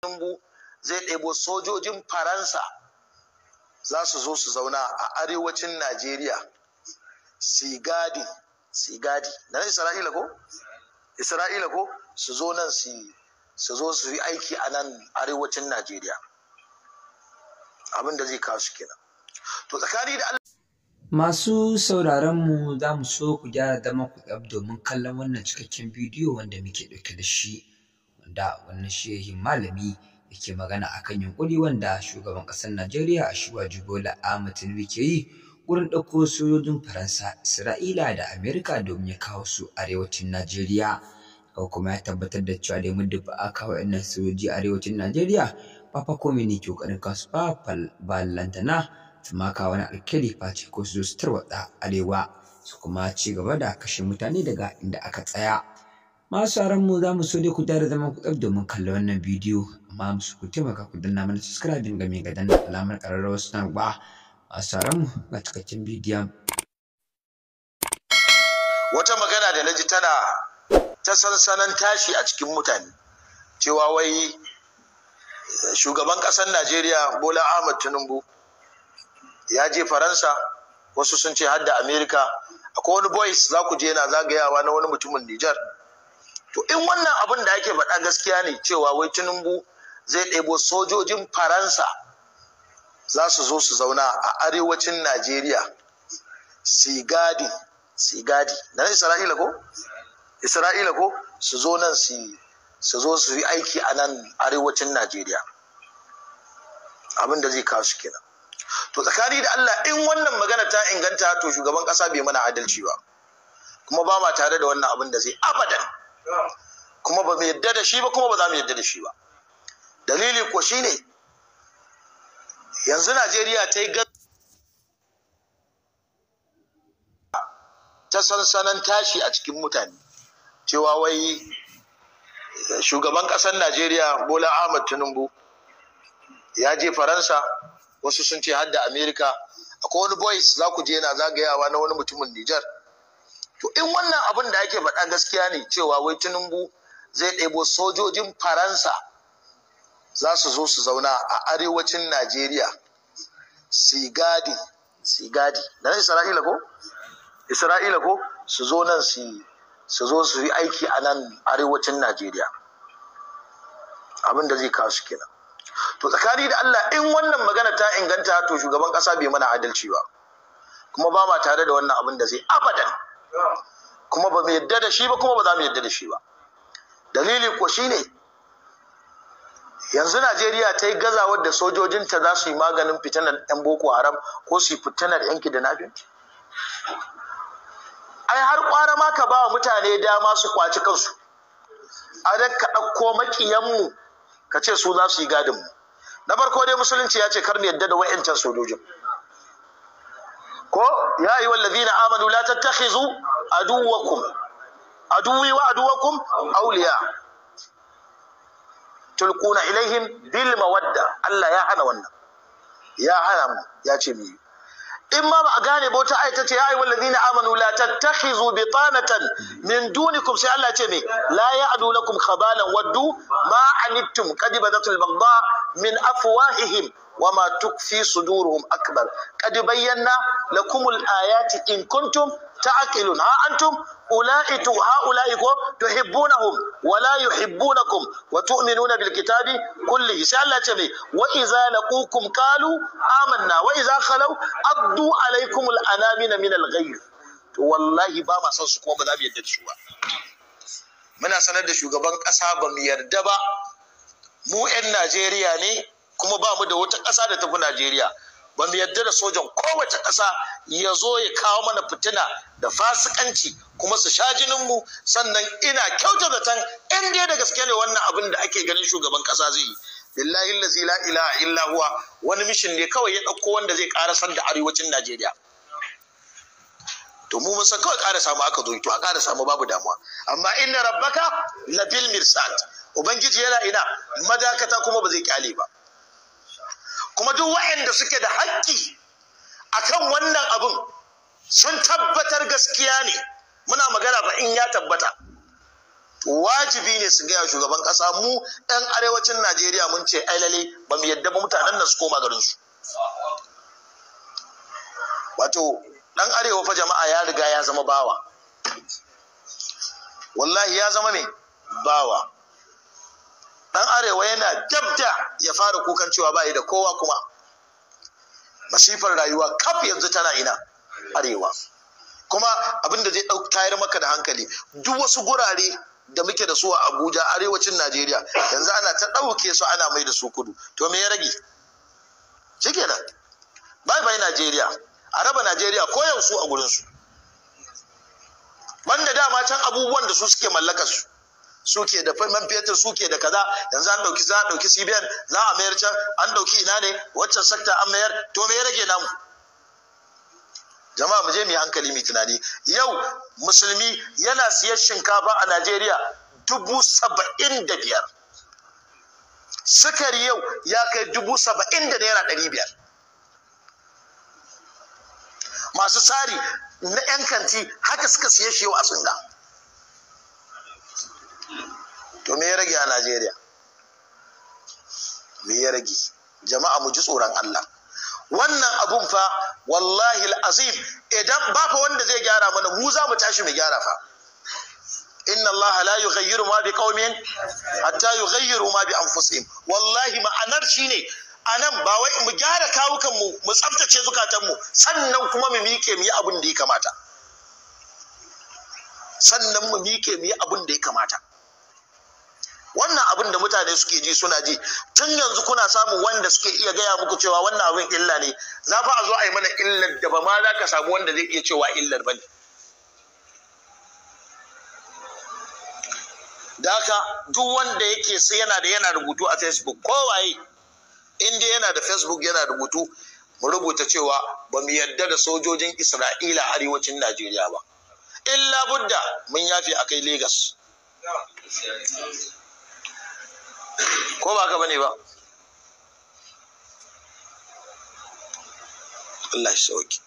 Tinubu zai ɗebo sojojin Faransa za su zo su zauna a arewacin Najeriya sigadi sigadi na Isra'ila ko Isra'ila ko su zo nan su zo su yi aiki a nan arewacin Najeriya abinda zai kawo su kenan to tsakani da Allah Masu mu za mu so ku gyara dama ku domin kallon wannan cikakken bidiyo wanda muke ɗauke da shi. da wannan shehin malami yake magana akan yunkuri wanda shugaban ƙasar Najeriya Ashwaju Bola Ahmed Tinubu ke yi wurin ɗauko sojojin Faransa, Isra'ila da Amerika domin ya kawo su arewacin Najeriya. Kau kuma ya tabbatar da cewa da muddin ba a kawo waɗannan sojoji arewacin Najeriya ba fa komai ne ke ƙoƙarin kasu ba su kawo wani alkali face ko su zo su tarwatsa arewa su kuma ci gaba da kashe mutane daga inda aka tsaya. masu mu za mu so dai ku da zama ku domin kalla wannan bidiyo amma musu ku taimaka ku danna mana subscribing game ga danna alamar ƙararrawar ba masu mu ga cikakken bidiyon. Wata magana da na ji tana ta sansanan tashi a cikin mutane cewa wai shugaban ƙasar Najeriya Bola Ahmad Tinubu ya je Faransa wasu sun ce har da Amerika akwai wani boys za ku je na zagayawa na wani mutumin Nijar. to in wannan abin da ake faɗa gaskiya ne cewa wai tinubu zai ɗebo sojojin faransa za su zo su zauna a arewacin najeriya sigadi sigadi na isra'ila ko isra'ila ko su zo nan su zo su yi aiki a nan arewacin najeriya abin da zai kawo su kenan to tsakani da allah in wannan magana ta inganta to shugaban ƙasa bai mana adalci ba kuma ba ma tare da wannan abin da zai abadan kuma ba mu yadda da shi ba kuma ba za mu yadda da shi ba dalili ko shine yanzu najeriya ta yi ta sansanan tashi a cikin mutane cewa wai eh, shugaban ƙasar najeriya bola ahmad tinubu ya je faransa wasu sun ce har da amerika akwai wani boys za ku je na zagayawa na wani mutumin nijar to in wannan abin da ake faɗa gaskiya ne cewa wai tinubu zai ɗebo sojojin faransa za su zo su zauna a arewacin najeriya sigadi sigadi da nan isra'ila ko isra'ila ko su zo nan su zo su yi aiki a nan arewacin najeriya abin da zai kawo su kenan to tsakani da allah in wannan magana ta inganta to shugaban ƙasa bai mana adalci ba kuma ba ma tare da wannan abin da zai abadan kuma ba mu yadda da shi ba kuma ba za mu yadda da shi ba dalili ko shi ne yanzu najeriya ta yi gazawar da sojojinta za su yi maganin fitanar 'yan boko haram ko su yi fitanar 'yan kidnapping ai har kwara ma ka ba wa mutane dama su kwaci kansu a da ka ɗauko makiyanmu ka ce su za su yi gadinmu na farko dai musulunci ya ce kar mu yadda da wa'yancan sojojin ko ya ayyuha allazina amanu la tattakhizu aduwwakum aduwi wa aduwwakum awliya tulquna ilaihim bil mawadda Allah ya hana wannan ya hana mu ya ce mu in ma ba a gane ba wata ayi tace ya ayyuhal ladina amanu la tattakhizu bitanatan min dunikum sai Allah ce me la ya'du lakum khabalan waddu ma anittum qad badatul baghdha min afwahihim wa ma tukfi suduruhum akbar qad bayyana lakum al-ayati in kuntum ta'qilun ha antum ulai tu haula'i ko tuhibbunahum wa la yuhibbunakum wa tu'minuna bil kitabi kulli. sai Allah ce kalu wa idza laqukum qalu amanna wa idza khalaw addu alaykum al-anamina min al-ghayr wallahi ba ma san su kuma ba za mu yarda da su ba muna sanar da shugaban kasa ba mu yarda ba mu 'yan najeriya ne kuma ba mu da wata ƙasa da tafi najeriya ba mu yarda da sojan kowace ƙasa ya zo ya kawo mana fitina da fasikanci kuma su sha jininmu sannan ina kyauta zaton in dai da gaske ne wannan abin da ake ganin shugaban ƙasa zai yi lillahi lazi la ilaha illa huwa wani mishin ne kawai ya ɗauko wanda zai ƙarasar da arewacin najeriya to mu mun san kawai ƙara samu aka zo to a ƙara samu babu damuwa amma inna rabbaka labil mirsad ubangiji yana ina madakata kuma ba zai kyale ba kuma duk waɗanda suke da haƙƙi akan wannan abin sun tabbatar gaskiya ne muna magana ba in ya tabbata wajibi ne su gaya shugaban ƙasa mu 'yan arewacin najeriya mun ce ailale ba mu yadda ba mutanen nan su koma garinsu wato ɗan arewa fa jama'a ya riga ya zama bawa wallahi ya zama ne bawa karewa yana dabda ya fara kukan cewa bayi da kowa kuma masifar rayuwa kaf yanzu tana ina arewa kuma abin da zai tayar maka da hankali duk wasu gurare da muke da su a abuja arewacin najeriya yanzu ana ta ɗauke su ana mai da su kudu to me ya rage shikenan bai bai najeriya a raba najeriya ko su a gurinsu banda dama can abubuwan da su suke mallakar su suke da faiman fetur suke da kaza yanzu an dauki za a dauki CBN za a mayar can an dauki ina ne waccan sakta an mayar to me ya rage namu jama'a mu je mu yi hankali mu tunani yau musulmi yana siyar shinkafa a Najeriya dubu saba'in da biyar sukari yau ya kai dubu saba'in da naira ɗari biyar masu tsari na 'yan kanti haka suka siye shi yau a tsinga to me ya rage a najeriya me ya rage jama'a mu ji tsoron allah wannan abun fa wallahi al'azim. idan ba fa wanda zai gyara mana mu za mu tashi mu gyara fa inna allah la yughayyiru ma bi qaumin hatta yughayyiru ma bi anfusihim wallahi ma'anar shine a nan ba wai mu gyara kawukanmu mu tsaftace zukatanmu sannan kuma mu miƙe mu yi abin da ya kamata sannan mu miƙe mu yi abin da ya kamata wannan abin da mutane suke ji suna ji tun yanzu kuna samu wanda suke iya gaya muku cewa wannan abin illa ne za fa a zo a yi mana illar da ba ma za ka samu wanda zai iya cewa illar ba ne da haka duk wanda yake su yana da yana rubutu a facebook kowaye in dai yana da facebook yana rubutu mu rubuta cewa ba mu yarda da sojojin isra'ila arewacin najeriya ba illa budda mun yafe a kai lagos ko ba ka bane ba Allah shi sauki